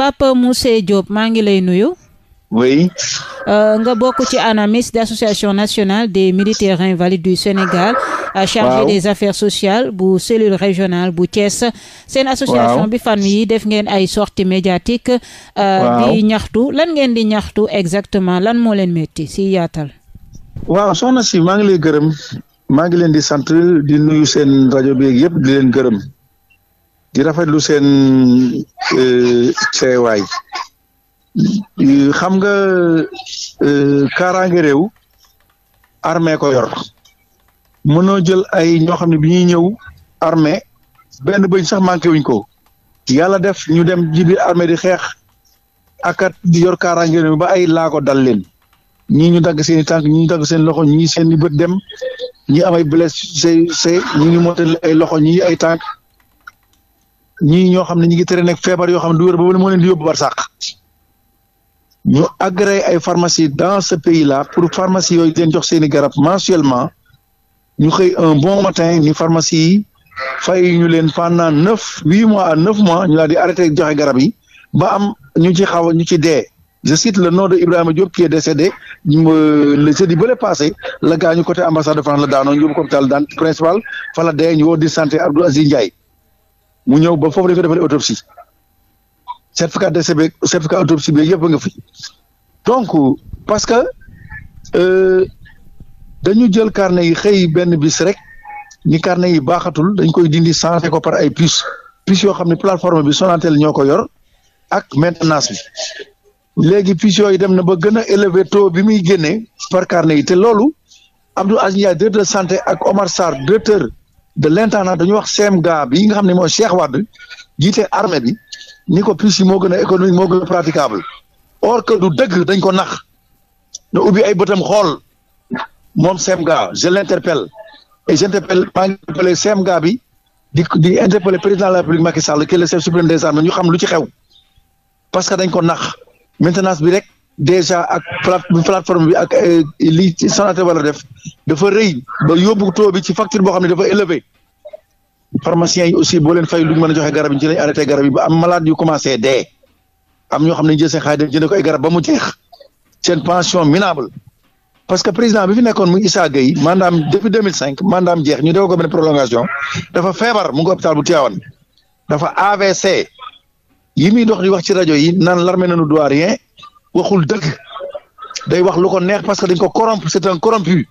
Pape Moussé Diop maa ngi lay nuyu. oui. Euh, nga bokk ci ANAMIS d'association nationale des militaires invalides du Sénégal. chargé des affaires sociales bu cellule régionale bu Thiès. seen association bi fan yi def ngeen ay sorties médiatiques. Euh, di ñaxtu lan ngeen di ñaxtu exactement lan moo leen metti si yaatal. waaw soxna si maa ngi lay gërëm maa ngi leen di sant di nuyu seen rajo bi yëpp di leen gërëm. di rafetlu seen euh, teewaay euh, xam nga euh, kaaraange réew armée ko yor mënoo jël ay ñoo xam ne bi ñuy ñëw armée benn bëñ sax manqué wuñ ko yàlla def ñu dem ji biir armée di xeex akat di yor kaaraange ba ay laago dal leen ñii ñu dagg seen i tànk ñii ñu dagg seen loxo ñii seen i bët dem ñii amay blessé ñi ngi motal ay loxo ñii ay tànk ñii ñoo xam ne ñu ngi tëre nag feebar yoo xam ne du wér ba moo leen di yóbbu barsàq ñu agréé ay pharmacie dans ce pays là pour pharmacie yooyu den jox seen i garab mensuellement ñu xëy un bon matin ni pharmacie yi fay ñu leen pendant neuf huit mois à neuf mois ñu laa di arrêté joxe garab yi ba am ñu ci xaw ñu ci dee je cite le nom de Ibrahima Diop qui est décédé euh, le jeudi bële passé la gaañu côté ambassade de France la daanoo ñu yóbbu hôpital daan principal fa la dee ñu woo di santé Abdou Aziz mu ñëw ba foofu dañ ko defalee autopsie certificat décès bi certificat autopsie bi yëpp nga fi donc parce que euh, dañu jël carnet yi xëy benn bis rek ni carnet yi baaxatul dañ koy dindi changé ko par ay puces puces yoo xam ne plateforme bi Sonatel ñoo ko yor ak maintenance bi léegi puces yooyu dem na ba gën a élevé taux bi muy génnee par carnet yi te loolu Abdou Aziz Ndiaye directeur de santé ak Omar Sarr directeur de l'intendant dañu wax CEM ga bi nga xam ne mooy Cheikh Wade jiite armée bi ni ko plus yi moo gën a économique moo gën a praticable or que du dëgg dañ ko nax na ubbi ay bëtam xool moom CEM ga je l'interpelle et j'interpelle maa ngi interpellé CEM ga bi di di interpellé président de Sall qui est le chef des armées ñu xam lu ci xew parce que dañ ko nax maintenance bi rek déjà ak plateforme bi ak euh, li Sonatel wala def dafa rëy ba yóbbu taux bi ci facture boo xam ne dafa élevé pharmaciens yi aussi boo leen fay lu ñu mën a joxe garab yi ci lañ arrêté garab yi ba am malade yu commencé dee am ñoo xam ne ñu jël seen xaalis dem jënd ko garab ba mu jeex seen pension minable parce que président bi mu nekkoon muy Issa Gueye mandaam depuis 2005 mandaam jeex ñu def ko benn prolongation dafa feebar mu ngi hôpital bu Tivaouane dafa AVC yi muy dox di wax ci rajo yi naan l'armée ne nous doit rien waxul dëgg day wax lu ko neex parce que dañ ko corrompre c'est un corrompu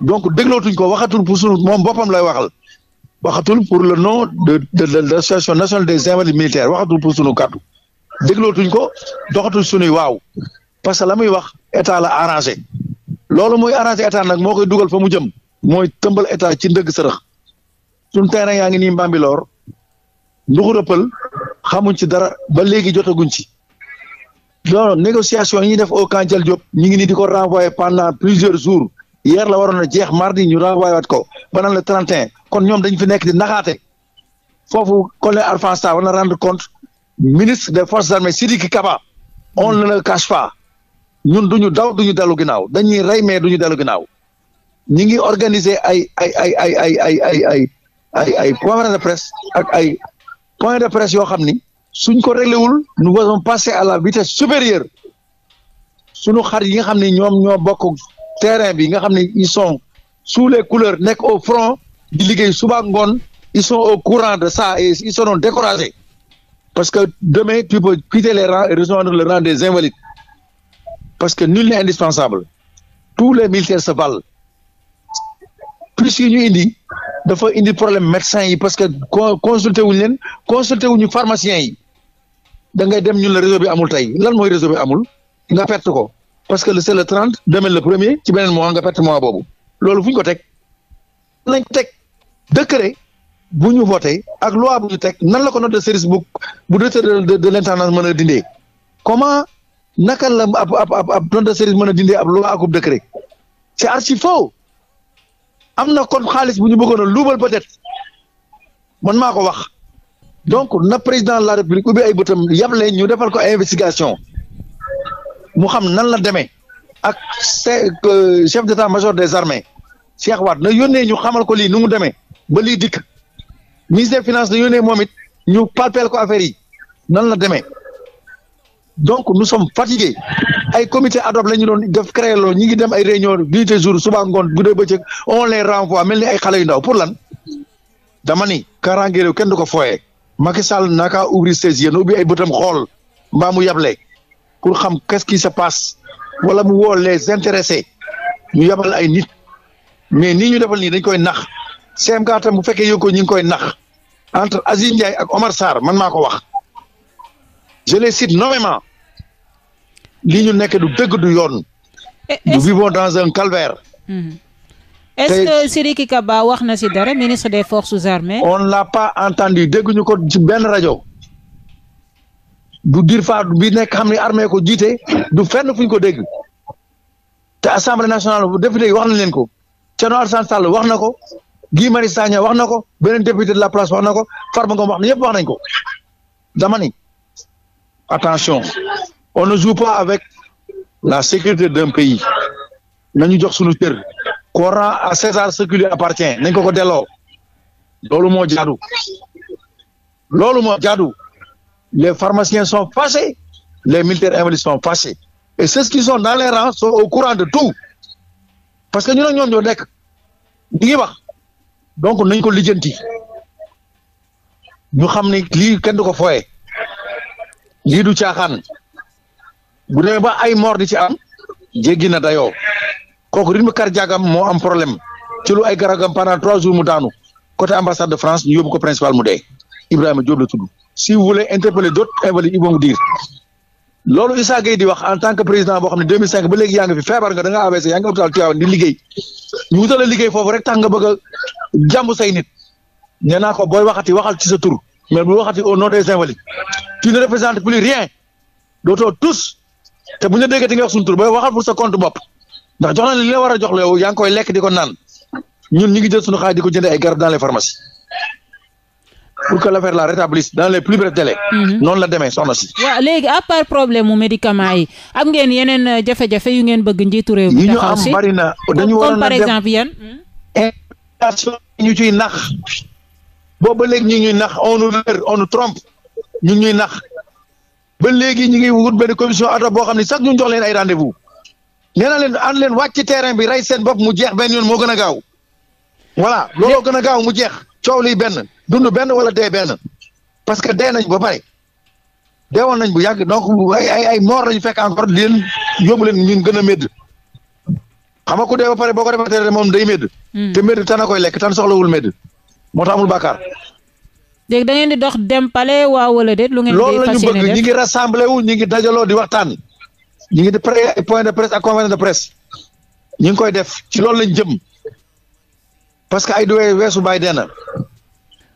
donc déglootuñ waxatul pour sunu moom boppam lay waxal. waxatul pour le nom de de de l' association nationale des invalides militaires waxatul pour sunu kàddu déglootuñ ko doxatul sunuy waaw parce que la muy wax état la arrangé loolu muy arrangé état nag moo koy dugal fa mu jëm mooy tëmbal état ci ndëgg sërëx suñ terrain yaa ngi nii Mbambilor nduxu rëppal xamuñ ci dara ba léegi jotaguñ ci loolu négociation yi ñuy def au camp Dial Diop ñu ngi nii di ko renvoyé pendant plusieurs jours hier la waroon a jeex mardi ñu renvoyé waat ko ba naan le 31 kon ñoom dañ fi nekk di naxaate foofu colonel Alpha Sall war na rendre compte ministre de forces armées Sidiki Kaba on kas le ñun du ñu daw du ñu dellu ginnaaw dañuy rey mais du ñu dellu ginnaaw ñi ngi organiser ay ay ay ay ay ay ay ay ay ay point de presse ak ay point de presse yoo xam ni suñ ko réglé wul nous allons passer à la vitesse supérieure sunu xar yi nga xam ni ñoom ñoo bokk. terrain bi nga xam ne ils sont sous les couleurs nekk au front di liggéey suba ngoon ils sont au courant de ça et ils seront découragés parce que demain tu peux quitter les rangs et rejoindre le rang des invalides parce que nul n'est indispensable tous les militaires se valent plus yi ñu indi dafa indi problème médecin yi parce que consulté wuñu leen consulté wuñu pharmacien yi da ngay dem ñu la réseau bi amul tey lan mooy réseau bi amul nga perte ko parce que le c'est le trente demain le premier ci beneen mois nga perte mois boobu loolu fu ñu ko teg nañ ko teg décret bu ñu voté ak loi bu ñu teg nan la ko de service bu bu directeur de de l'intendance mën a dindee comment naka la ab ab ab note de service mën a dindee ab loi akub décret c'est archi faux am na kon xaalis bu ñu bëggoon a luubal peut-être man maa ko wax donc na président la république ubbi ay bëtam yable ñu defal ko investigation mu xam nan la demee ak chef euh, d'état-major des armées Cheikh na yónnee ñu xamal ko lii nu mu demee ba lii dikk ministre des finances na yónnee moom it ñu palpeel ko affaire yi nan la demee donc nu sommes fatigués ay comité ad hoc la ñu doon def créé loolu ñu ngi dem ay réunion unité jour suba ngoon guddee bëccëg on les renvoie mel ni ay xale yu ndaw pour lan dama ni kaaraange réew kenn du ko fooyee Macky Sall naka ouvrir ses yeux ubbi ay bëtam xool mbaa mu yable pour xam qu'est-ce qui se passe wala mu woo les intéressés ñu yabal ay nit mais nii ñu defal nii dañ koy nax CMK tam bu fekkee yow ko ñu ngi koy nax entre Aziz Ndiaye ak Omar Sarr man maa ko wax je les cite nommément lii ñu nekke du dëgg du yoon. nous vivons dans un calvaire. Mmh. est-ce que Sidiki Kaba wax na ci dara ministre des forces armées. on l'a pas entendu dégguñu ko ci benn rajo. du dir fa bi nekk xam ne armée ko jiite du fenn fu ñu ko dégg te assemblée nationale bu député yi wax na leen ko Thierno Alassane Sall wax na ko Guy Marius wax na ko beneen député de la place wax na ko Farba Ngom wax na ñëpp wax nañ ko dama attention on ne joue pas avec la sécurité d'un pays nañu jox suñu cër qu'on rend à César ce qui lui appartient ko ko delloo loolu moo jaadu loolu moo jaadu les pharmaciens sont fâchés, les militaires invalides sont fâchés. Et ceux qui sont dans les rangs sont au de tout. parce que ñu ne ñoom ñoo nekk ñu wax donc nañ ko lijjanti ñu xam ne lii kenn du ko fooye lii caaxaan bu demee ba ay mort di ci am jéggi na dayoo kooku rythme cardiaque am moo am problème ci lu ay garagam pendant trois jours mu daanu côté ambassade de France ñu yóbbu ko principal mu dee. Ibrahima Diop la tudd si vous voulez interpeller d'autres invalides ils vont loolu Issa Gueye di wax en tan que président boo xam ne 2005 ba léegi yaa ngi fi feebar nga da ngaa AVC yaa ngi hôpital Tivaouane di liggéey ñu wutal a liggéey foofu rek tax nga bëgg a jàmm say naa ko booy waxati waxal ci sa tur mais bu waxati au nom des invalides tu ne représentes plus rien dootoo tous te bu ñu la déggee ti tur booy waxal pour sa compte bopp ndax jox na li la war jox la yow yaa ngi lekk di ko naan ñu ngi jël suñu xaalis di ko jëndee ay garab pour que l'affaire la rétablisse dans les plus brefs délais. Mhm. noonu la demee soxna si. waaw léegi à part problème mu médicaments yi am ngeen yeneen euh, jafe-jafe yu ngeen bëgg njiitu réew mi. taxaw si ñu am bari na dañu waroon a dem comme par exemple yan. information yi ñu ciy nax boobu ba léegi ñu ñuy nax on nous leurre on nous trompe ñu ñuy nax ba léegi ñu ngi wut benn commission ad hoc boo xam ne sax ñu jox leen ay rendez-vous. nee na leen ànd leen wàcc ci terrain bi rey seen bopp mu jeex benn yoon moo gën a gaaw voilà looloo gën a gaaw mu jeex coow lii benn. dund benn wala dee benn parce que dee nañ ba pare deewoon nañ bu yàgg donc ay ay ay moor lañu fek encore di leen yóbbu leen ñun gën a médd xam nga ku dee ba pare boo ko defee moom day médd hmm. te médd tan a koy lekk tan soxlawul médd moo tax amul bàkkaar léegi da ngeen di dox dem pale waaw wala déet lu ngeen loolu la ñu bëgg ñi ngi rassemblé wu di waxtaan ñi ngi di pré point de presse ak conférence de presse ñi ngi koy def ci loolu lañ jëm parce que ay duwee weesu bàyyi dee na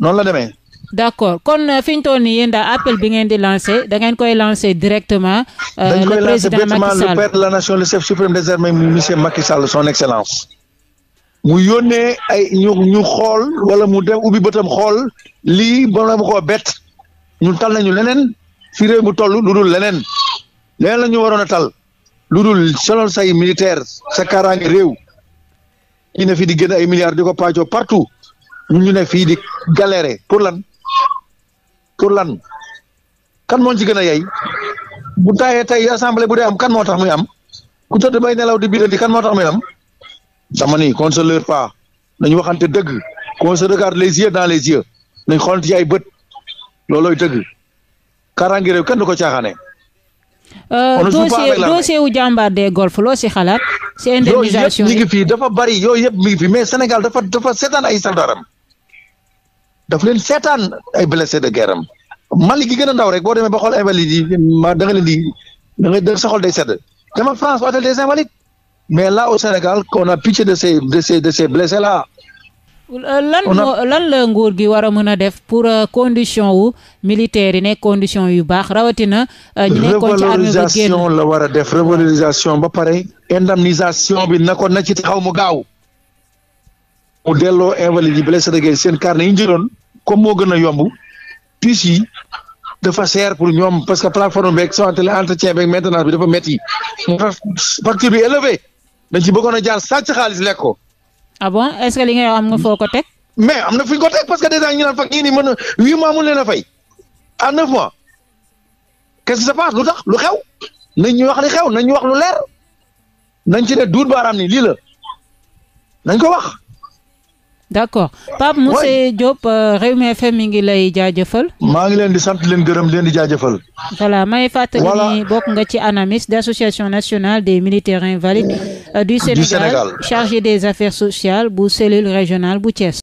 noonu la demee. d' accord kon euh, fi ñu toll nii yéen daal appel bi ngeen di lancé da koy lancé directement. Euh, le président Macky Sall dañ koy lancé de la nation le chef suprême des armées monsieur Macky Sall mu yónnee ay ñu ñu xool wala mu dem ubbi bëtam xool lii ba mu ko bett ñun tal nañu leneen fi réew mu toll lu dul leneen leneen la ñu waroon a tal lu dul selon say militaire sa kaaraange réew. ñu ne fi di gën ay milliards di ko paajoo partout. ñu ñu ne fii di galérer pour lan pour lan kan moo ci gën a yey bu taayee tey assemblée bu dee am kan moo tax muy am ku tëdd bay nelaw di biir kan moo tax muy am dama ni qu'on se leurre pas nañu waxante dëgg qu'on se regarde les dans les yeux nañ xoolante ci ay bët loolooy dëgg kaaraange réew kenn du ko caaxaanee. Euh, on dossier dossier wu jàmbaar des golf loo si xalaat. si indemnisation yooyu yëpp ñu ngi fii dafa bari yooyu yëpp mi ngi fi mais Sénégal dafa dafa seetaan ay soldaram daf leen seetaan ay blessé de guerre am Mali gi gën a ndaw rek boo demee ba xool invalide yi ma da nga leen di da nga sa xol day sedd dama France hôtel des mais la au Sénégal on a pitié de ces de ces de ces blessés là. Euh, lan moo la nguur gi war a mën a def pour euh, condition wu militaires yi nekk condition yu baax rawatina. Euh, ñu nekkoon ci revalorisation la war a def revalorisation ba pare. indemnisation bi na ko na ci taxaw mu gaaw. mu delloo invalide yi blessé de guerre seen carnet yi ñu comme moo gën a yomb puces yi dafa seer pour ñoom parce que plateforme beeg soantele entretien beeg maintenance bi dafa métti moo tax facture bi élevé dañ ci bëggoon a jaar sàcc xaalis lekk a ah bon est-ce que li am nga foo ko teg. mais am na fu ñu ko teg parce que déjà ñu naan ni ñii nii mën a huit mois mun leen mois qu'est-ce passe lu tax lu xew nañ ñu wax li xew nañ ñu wax lu leer nañ ci ne duut baaraam ni lii nañ ko wax. d' accord Pape Mousse Diop euh, Rewmi FM mi ngi lay jaajëfal. maa ngi leen di sant leen gërëm leen di jaajëfal. voilà may fàttali ni bokk nga ci ANAMIS d' association nationale des militaires invalides euh, du Sénégal chargé des affaires sociales bu cellule régionale bu Thiès.